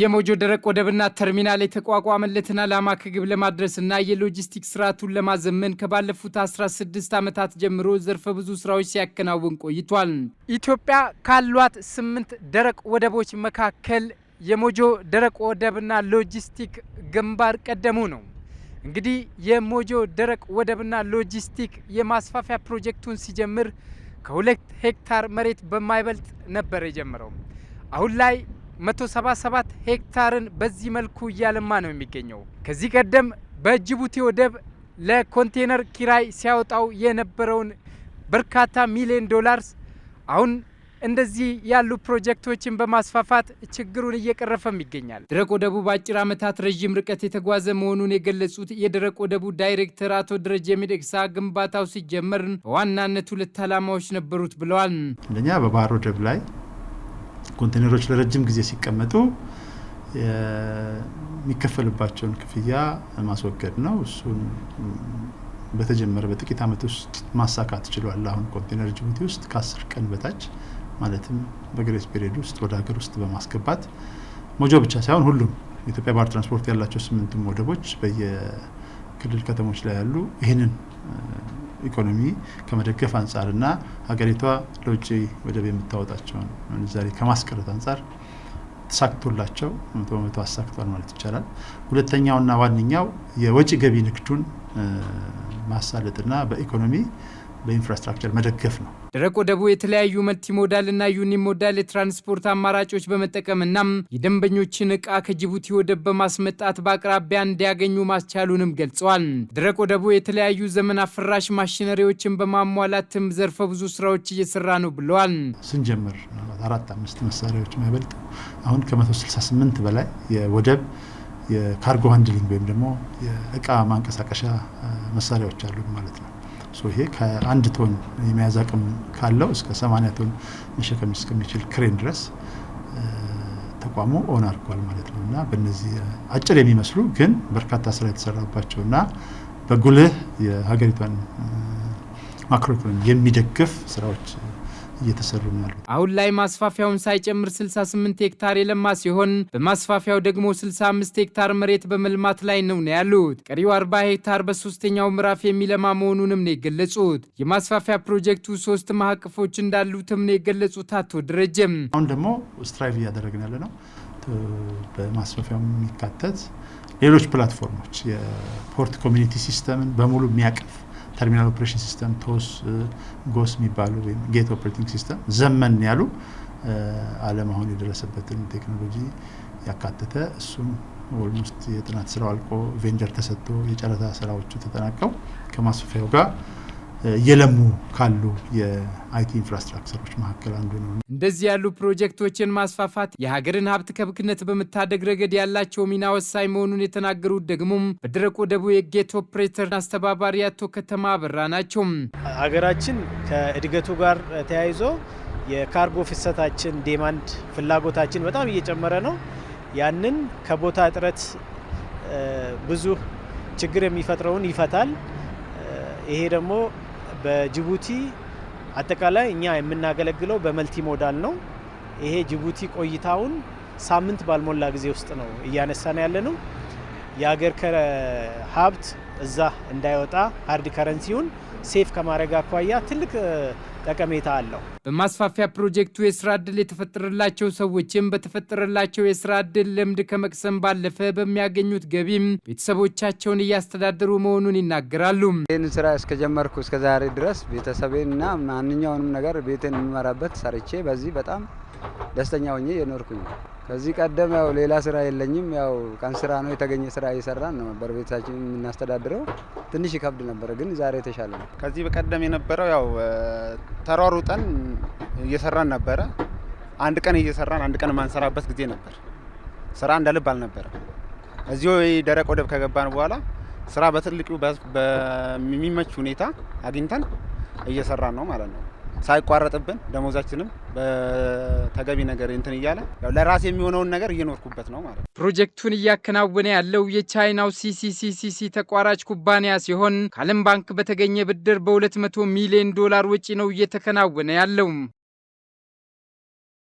የሞጆ ደረቅ ወደብና ተርሚናል የተቋቋመለትን ዓላማ ከግብ ለማድረስና የሎጂስቲክ ስርዓቱን ለማዘመን ከባለፉት 16 ዓመታት ጀምሮ ዘርፈ ብዙ ስራዎች ሲያከናውን ቆይቷል። ኢትዮጵያ ካሏት ስምንት ደረቅ ወደቦች መካከል የሞጆ ደረቅ ወደብና ሎጂስቲክ ግንባር ቀደሙ ነው። እንግዲህ የሞጆ ደረቅ ወደብና ሎጂስቲክ የማስፋፊያ ፕሮጀክቱን ሲጀምር ከሁለት ሄክታር መሬት በማይበልጥ ነበር የጀመረው። አሁን ላይ 177 ሄክታርን በዚህ መልኩ እያለማ ነው የሚገኘው። ከዚህ ቀደም በጅቡቲ ወደብ ለኮንቴነር ኪራይ ሲያወጣው የነበረውን በርካታ ሚሊዮን ዶላርስ አሁን እንደዚህ ያሉ ፕሮጀክቶችን በማስፋፋት ችግሩን እየቀረፈም ይገኛል። ደረቅ ወደቡ በአጭር ዓመታት ረዥም ርቀት የተጓዘ መሆኑን የገለጹት የደረቅ ወደቡ ዳይሬክተር አቶ ደረጀ ሚደቅሳ ግንባታው ሲጀመር በዋናነት ሁለት ዓላማዎች ነበሩት ብለዋል። አንደኛ በባህር ወደብ ላይ ኮንቴነሮች ለረጅም ጊዜ ሲቀመጡ የሚከፈልባቸውን ክፍያ ማስወገድ ነው። እሱን በተጀመረ በጥቂት ዓመት ውስጥ ማሳካት ችሏል። አሁን ኮንቴነር ጅቡቲ ውስጥ ከአስር ቀን በታች ማለትም በግሬስ ፔሪድ ውስጥ ወደ ሀገር ውስጥ በማስገባት ሞጆ ብቻ ሳይሆን ሁሉም የኢትዮጵያ ባህር ትራንስፖርት ያላቸው ስምንቱም ወደቦች በየክልል ከተሞች ላይ ያሉ ይህንን ኢኮኖሚ ከመደገፍ አንጻርና ሀገሪቷ ለውጭ ወደብ የምታወጣቸውን ምንዛሬ ከማስቀረት አንጻር ተሳክቶላቸው መቶ በመቶ አሳክቷል ማለት ይቻላል። ሁለተኛውና ዋነኛው የወጪ ገቢ ንግዱን ማሳለጥና በኢኮኖሚ በኢንፍራስትራክቸር መደገፍ ነው። ደረቅ ወደቡ የተለያዩ መልቲ ዩኒ ሞዳል የትራንስፖርት አማራጮች በመጠቀምና የደንበኞችን እቃ ከጅቡቲ ወደብ በማስመጣት በአቅራቢያ እንዲያገኙ ማስቻሉንም ገልጸዋል። ደረቅ ወደቡ የተለያዩ ዘመን አፍራሽ ማሽነሪዎችን በማሟላትም ዘርፈ ብዙ ስራዎች እየሰራ ነው ብለዋል። ስንጀምር አራት አምስት መሳሪያዎች የሚያበልጥ አሁን ከ168 በላይ የወደብ የካርጎ ሃንድሊንግ ወይም ደግሞ የእቃ ማንቀሳቀሻ መሳሪያዎች አሉ ማለት ነው። ይሄ ከአንድ ቶን የመያዝ አቅም ካለው እስከ 80 ቶን መሸከም እስከሚችል ክሬን ድረስ ተቋሙ ኦን አድርጓል ማለት ነው እና በነዚህ አጭር የሚመስሉ ግን በርካታ ስራ የተሰራባቸው እና በጉልህ የሀገሪቷን ማክሮ ኢኮኖሚ የሚደግፍ ስራዎች እየተሰሩ ነው ያሉት። አሁን ላይ ማስፋፊያውን ሳይጨምር 68 ሄክታር የለማ ሲሆን በማስፋፊያው ደግሞ 65 ሄክታር መሬት በመልማት ላይ ነው ነው ያሉት። ቀሪው 40 ሄክታር በሶስተኛው ምዕራፍ የሚለማ መሆኑንም ነው የገለጹት። የማስፋፊያ ፕሮጀክቱ ሶስት ማዕቀፎች እንዳሉትም ነው የገለጹት አቶ ደረጀም። አሁን ደግሞ ስትራይቭ እያደረግን ያለ ነው በማስፋፊያው የሚካተት ሌሎች ፕላትፎርሞች የፖርት ኮሚኒቲ ሲስተምን በሙሉ የሚያቅፍ ተርሚናል ኦፕሬሽን ሲስተም፣ ቶስ፣ ጎስ የሚባሉ ወይም ጌት ኦፕሬቲንግ ሲስተም ዘመን ያሉ ዓለም አሁን የደረሰበትን ቴክኖሎጂ ያካተተ እሱም ኦልሞስት የጥናት ስራው አልቆ ቬንጀር ተሰጥቶ የጨረታ ስራዎቹ ተጠናቀው ከማስፋፊያው ጋር የለሙ ካሉ የአይቲ ኢንፍራስትራክቸሮች መካከል አንዱ ነው። እንደዚህ ያሉ ፕሮጀክቶችን ማስፋፋት የሀገርን ሀብት ከብክነት በመታደግ ረገድ ያላቸው ሚና ወሳኝ መሆኑን የተናገሩት ደግሞም በደረቅ ወደቡ የጌት ኦፕሬተር አስተባባሪ አቶ ከተማ አበራ ናቸው። ሀገራችን ከእድገቱ ጋር ተያይዞ የካርጎ ፍሰታችን ዴማንድ ፍላጎታችን በጣም እየጨመረ ነው። ያንን ከቦታ እጥረት ብዙ ችግር የሚፈጥረውን ይፈታል። ይሄ ደግሞ በጅቡቲ አጠቃላይ እኛ የምናገለግለው በመልቲ ሞዳል ነው። ይሄ ጅቡቲ ቆይታውን ሳምንት ባልሞላ ጊዜ ውስጥ ነው እያነሳን ያለ ነው። የሀገር ሀብት እዛ እንዳይወጣ ሀርድ ከረንሲውን ሴፍ ከማድረግ አኳያ ትልቅ ጠቀሜታ አለው። በማስፋፊያ ፕሮጀክቱ የስራ እድል የተፈጠረላቸው ሰዎችም በተፈጠረላቸው የስራ እድል ልምድ ከመቅሰም ባለፈ በሚያገኙት ገቢም ቤተሰቦቻቸውን እያስተዳደሩ መሆኑን ይናገራሉ። ይህን ስራ እስከጀመርኩ እስከዛሬ ድረስ ቤተሰቤንና ማንኛውንም ነገር ቤትን የምመራበት ሰርቼ በዚህ በጣም ደስተኛ ሆኜ የኖርኩኝ ከዚህ ቀደም ያው ሌላ ስራ የለኝም። ያው ቀን ስራ ነው የተገኘ ስራ እየሰራን ነው ነበር ቤተሰባችን የምናስተዳድረው። ትንሽ ይከብድ ነበረ፣ ግን ዛሬ የተሻለ ነው። ከዚህ በቀደም የነበረው ያው ተሯሩጠን እየሰራን ነበረ። አንድ ቀን እየሰራን አንድ ቀን የማንሰራበት ጊዜ ነበር። ስራ እንደ ልብ አልነበረ። እዚሁ ደረቅ ወደብ ከገባን በኋላ ስራ በትልቁ በሚመች ሁኔታ አግኝተን እየሰራን ነው ማለት ነው። ሳይቋረጥብን ደሞዛችንም በተገቢ ነገር እንትን እያለ ለራሴ የሚሆነውን ነገር እየኖርኩበት ነው ማለት ነው። ፕሮጀክቱን እያከናወነ ያለው የቻይናው ሲሲሲሲሲ ተቋራጭ ኩባንያ ሲሆን ከዓለም ባንክ በተገኘ ብድር በ200 ሚሊዮን ዶላር ወጪ ነው እየተከናወነ ያለው።